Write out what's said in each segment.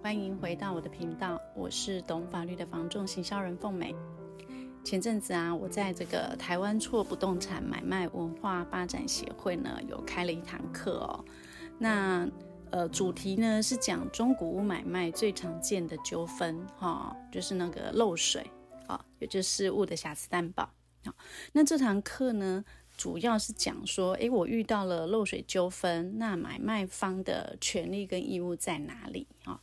歡迎回到我的頻道，我是懂法律的房仲行銷人鳳美。前陣子啊，我在這個台灣錯不動產買賣文化發展協會呢，有開了一堂課哦。那呃，主題呢是講中古屋買賣最常見的糾紛哈、哦，就是那個漏水啊、哦，也就是物的瑕疵擔保啊。那這堂課呢，主要是講說，誒，我遇到了漏水糾紛，那買賣方的權利跟義務在哪裡啊、哦？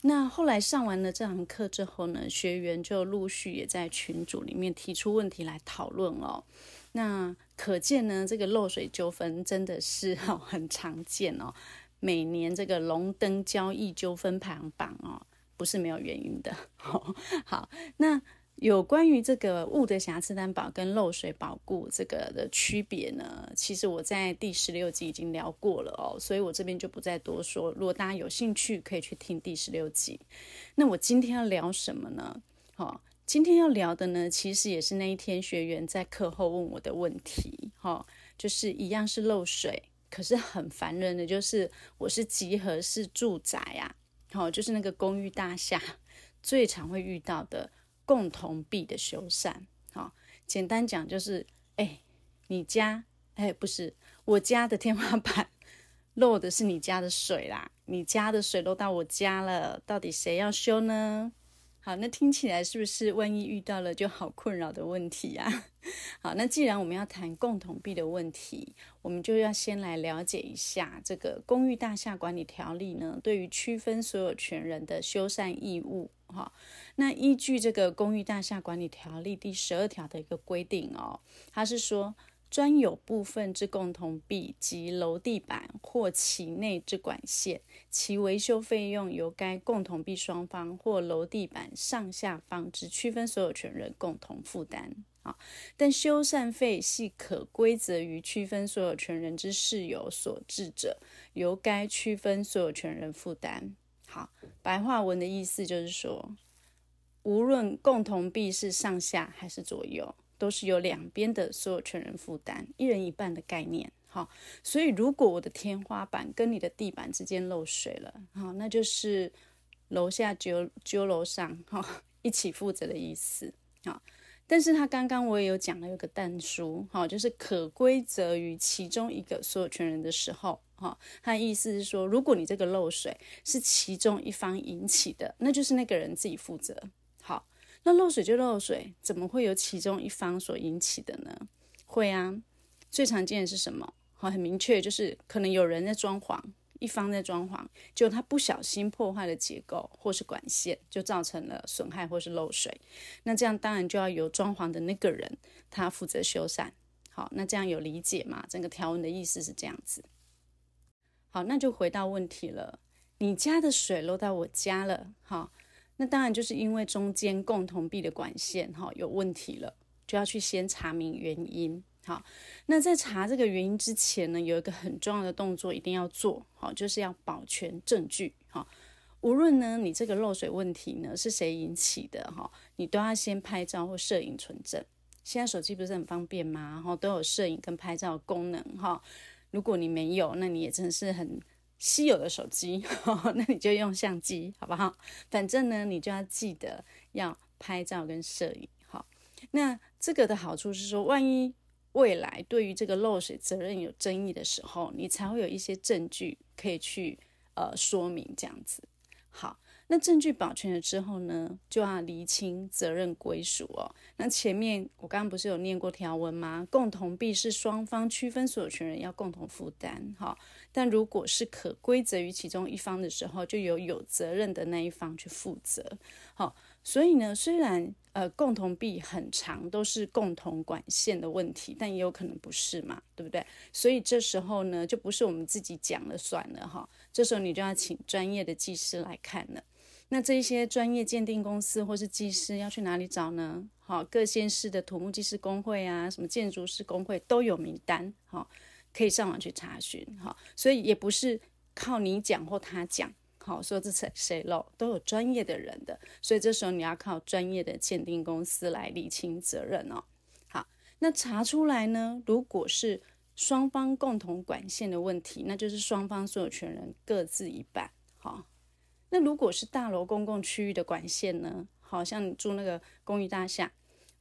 那後來上完了這堂課之後呢，學員就陸續也在群組裡面提出問題來討論哦。那可見呢，這個漏水糾紛真的是、哦、很常見哦。每年這個龍燈交易糾紛排行榜哦，不是沒有原因的。哦、好，那。有關於這個物的瑕疵擔保跟漏水保固這個的區別呢，其實我在第十六集已經聊過了哦，所以我這邊就不再多說。如果大家有興趣，可以去聽第十六集。那我今天要聊什麼呢？好，今天要聊的呢，其實也是那一天學員在課後問我的問題。好，就是一樣是漏水，可是很煩人的就是我是集合式住宅呀，好，就是那個公寓大廈最常會遇到的。共同壁的修繕，好，簡單講就是，哎、欸，你家，哎、欸，不是我家的天花板漏的是你家的水啦，你家的水漏到我家了，到底誰要修呢？好，那聽起來是不是萬一遇到了就好困擾的問題啊？好，那既然我們要談共同壁的問題，我們就要先來了解一下這個公寓大廈管理條例呢，對於區分所有權人的修繕義務。好，那依據這個公寓大廈管理條例第十二條的一個規定哦，它是說，專有部分之共同壁及樓地板或其內之管線，其維修費用由該共同壁雙方或樓地板上下方之區分所有權人共同負擔。啊，但修繕費係可歸責於區分所有權人之事由所致者，由該區分所有權人負擔。好，白話文的意思就是說，無論共同壁是上下還是左右，都是由兩邊的所有權人負擔一人一半的概念。好，所以如果我的天花板跟你的地板之間漏水了，好，那就是樓下揪揪樓上，好，一起負責的意思。好，但是他剛剛我也有講了，有個但書，好，就是可歸責於其中一個所有權人的時候。好，他的意思是說，如果你這個漏水是其中一方引起的，那就是那個人自己負責。好，那漏水就漏水，怎麼會由其中一方所引起的呢？會啊，最常見的是什麼？好，很明確，就是可能有人在裝潢，一方在裝潢，就他不小心破壞了結構或是管線，就造成了損害或是漏水。那這樣當然就要由裝潢的那個人他負責修繕。好，那這樣有理解嗎？整個條文的意思是這樣子。好，那就回到問題了。你家的水漏到我家了，哈？那當然就是因為中間共同壁的管線哈有問題了，就要去先查明原因。好，那在查這個原因之前呢，有一個很重要的動作一定要做，好，就是要保全證據。哈，無論呢你這個漏水問題呢是誰引起的，哈，你都要先拍照或攝影存證。現在手機不是很方便嗎？然後都有攝影跟拍照的功能，哈。如果你沒有，那你也真是很稀有的手機，那你就用相機，好不好？反正呢，你就要記得要拍照跟攝影，好。那這個的好處是說，萬一未來對於這個漏水責任有爭議的時候，你才會有一些證據可以去呃說明這樣子。好。那證據保全了之後呢，就要釐清責任歸屬哦。那前面我剛剛不是有唸過條文嗎？共同壁是雙方區分所有權人要共同負擔哈、哦。但如果是可歸責於其中一方的時候，就由有責任的那一方去負責。好、哦，所以呢，雖然呃共同壁很常，都是共同管線的問題，但也有可能不是嘛，對不對？所以這時候呢，就不是我們自己講了算了哈、哦。這時候你就要請專業的技師來看了。那這一些專業鑑定公司或是技師要去哪裡找呢？好，各縣市的土木技師公會啊，什麼建築師公會都有名單，好，可以上網去查詢哈。所以也不是靠你講或他講，好，說這誰誰漏，都有專業的人的。所以這時候你要靠專業的鑑定公司來釐清責任哦。好，那查出來呢，如果是雙方共同管線的問題，那就是雙方所有權人各自一半，好。那如果是大樓公共區域的管線呢？好像你住那個公寓大廈，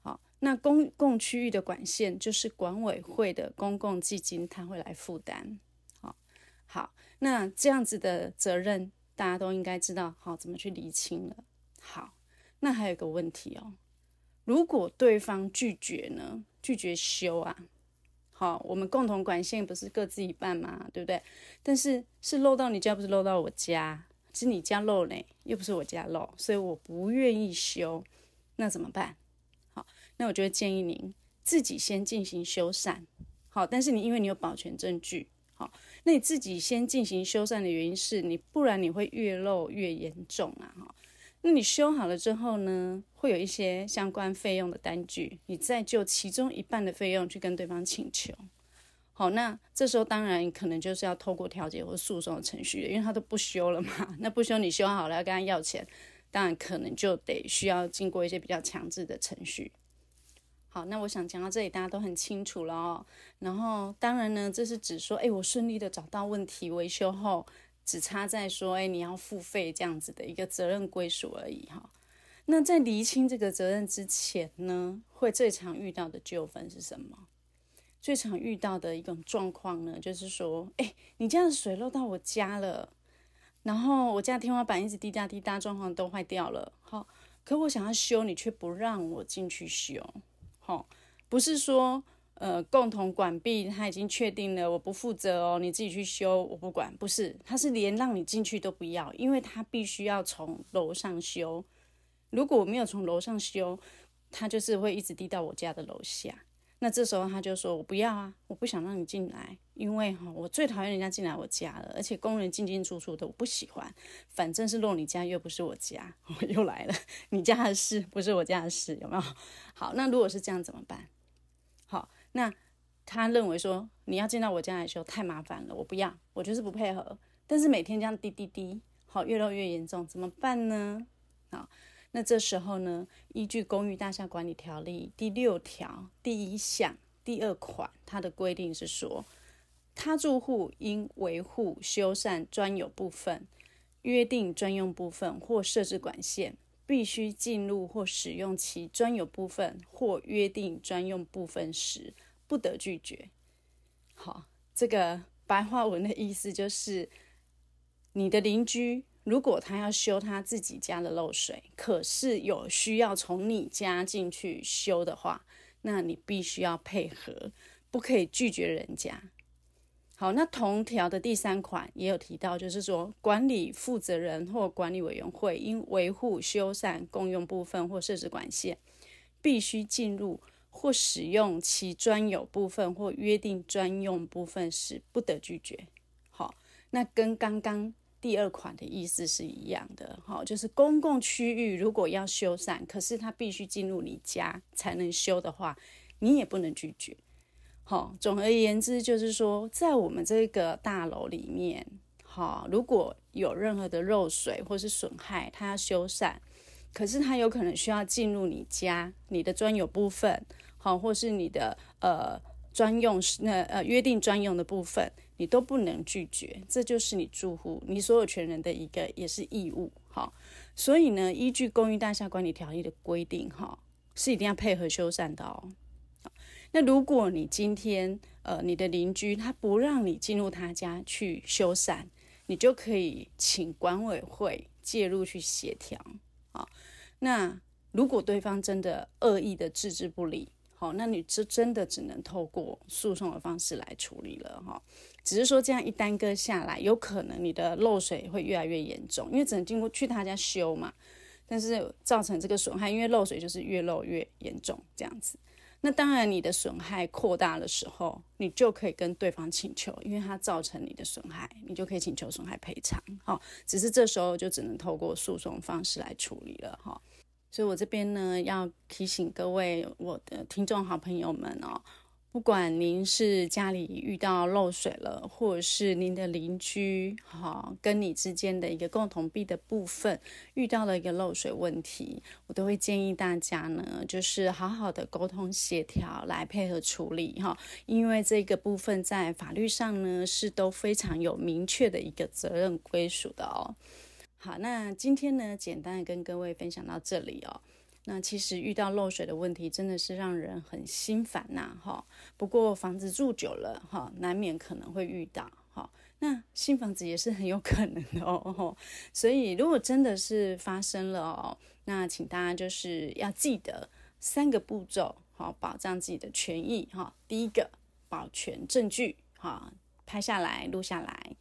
好，那公共區域的管線就是管委會的公共基金，它會來負擔。好，好，那這樣子的責任大家都應該知道，好，怎麼去釐清了。好，那還有一個問題哦，如果對方拒絕呢？拒絕修啊？好，我們共同管線不是各自一半嘛，對不對？但是是漏到你家，不是漏到我家。是你家漏嘞，又不是我家漏，所以我不願意修，那怎麼辦？好，那我就會建議您自己先進行修繕。好，但是你因為你有保全證據，好，那你自己先進行修繕的原因是你不然你會越漏越嚴重啊，哈。那你修好了之後呢，會有一些相關費用的單據，你再就其中一半的費用去跟對方請求。好，那這時候當然可能就是要透過調解或訴訟的程序，因為他都不修了嘛。那不修你修好了要跟他要錢，當然可能就得需要經過一些比較強制的程序。好，那我想講到這裡大家都很清楚了哦。然後當然呢，這是只說哎、欸、我順利的找到問題維修後，只差在說哎、欸、你要付費這樣子的一個責任歸屬而已哈。那在釐清這個責任之前呢，會最常遇到的糾紛是什麼？最常遇到的一種狀況呢，就是說，哎、欸，你家的水漏到我家了，然後我家天花板一直滴答滴答，狀況都壞掉了。好、哦，可我想要修，你卻不讓我進去修。好、哦，不是說，呃，共同管壁他已經確定了，我不負責哦，你自己去修，我不管。不是，他是連讓你進去都不要，因為他必須要從樓上修。如果我沒有從樓上修，他就是會一直滴到我家的樓下。那這時候他就說：“我不要啊，我不想讓你進來，因為哈，我最討厭人家進來我家了。而且工人進進出出的，我不喜歡。反正是漏你家，又不是我家，我又來了。你家的事不是我家的事，有沒有？好，那如果是這樣怎麼辦？好，那他認為說你要進到我家來時候太麻煩了，我不要，我就是不配合。但是每天這樣滴滴滴，好，越漏越嚴重，怎麼辦呢？好。”那這時候呢，依據《公寓大廈管理條例》第六條第一項第二款，它的規定是說，他住戶應維護、修繕專有部分、約定專用部分或設置管線，必須進入或使用其專有部分或約定專用部分時，不得拒絕。好，這個白話文的意思就是，你的鄰居。如果他要修他自己家的漏水，可是有需要從你家進去修的話，那你必須要配合，不可以拒絕人家。好，那同條的第三款也有提到，就是說，管理負責人或管理委員會因維護、修繕共用部分或設置管線，必須進入或使用其專有部分或約定專用部分時，不得拒絕。好，那跟剛剛。第二款的意思是一樣的，哈，就是公共區域如果要修繕，可是它必須進入你家才能修的話，你也不能拒絕。好，總而言之，就是說，在我們這個大樓裡面，哈，如果有任何的漏水或是損害，它要修繕，可是它有可能需要進入你家、你的專有部分，好，或是你的呃，專用是那呃約定專用的部分，你都不能拒絕，這就是你住戶、你所有權人的一個也是義務哈、哦。所以呢，依據《公寓大廈管理條例》的規定哈，是一定要配合修繕的哦，哦。那如果你今天呃你的鄰居他不讓你進入他家去修繕，你就可以請管委會介入去協調啊。那如果對方真的惡意的置之不理，好、哦，那你這真的只能透過訴訟的方式來處理了哈、哦。只是說這樣一耽擱下來，有可能你的漏水會越來越嚴重，因為只能經過去他家修嘛。但是造成這個損害，因為漏水就是越漏越嚴重這樣子。那當然，你的損害擴大的時候，你就可以跟對方請求，因為他造成你的損害，你就可以請求損害賠償。哈、哦，只是這時候就只能透過訴訟方式來處理了哈。哦所以，我這邊呢要提醒各位我的聽眾好朋友們哦，不管您是家裡遇到漏水了，或者是您的鄰居哈、哦，跟你之間的一個共同壁的部分遇到了一個漏水問題，我都會建議大家呢，就是好好的溝通協調來配合處理哈、哦，因為這個部分在法律上呢是都非常有明確的一個責任歸屬的哦。好，那今天呢，簡單的跟各位分享到這裡哦。那其實遇到漏水的問題，真的是讓人很心煩吶、啊。哈、哦，不過房子住久了哈、哦，難免可能會遇到。哈、哦，那新房子也是很有可能的哦，哦。所以如果真的是發生了哦，那請大家就是要記得三個步驟，好、哦，保障自己的權益哈、哦。第一個，保全證據，哈、哦，拍下來，錄下來。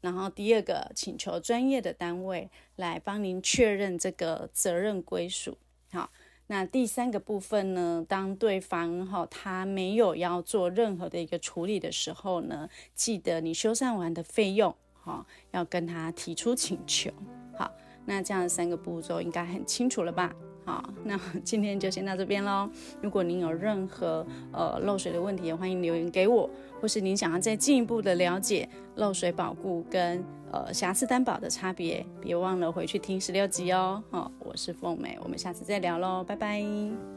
然後第二個，請求專業的單位來幫您確認這個責任歸屬。好，那第三個部分呢？當對方哈、哦、他沒有要做任何的一個處理的時候呢，記得你修繕完的費用哈、哦、要跟他提出請求。好，那這樣三個步驟應該很清楚了吧？好，那今天就先到這邊嘍。如果您有任何呃漏水的問題，也歡迎留言給我，或是您想要再進一步的了解漏水保固跟呃瑕疵擔保的差別，別忘了回去聽十六集哦。好、哦，我是鳳美，我們下次再聊嘍，拜拜。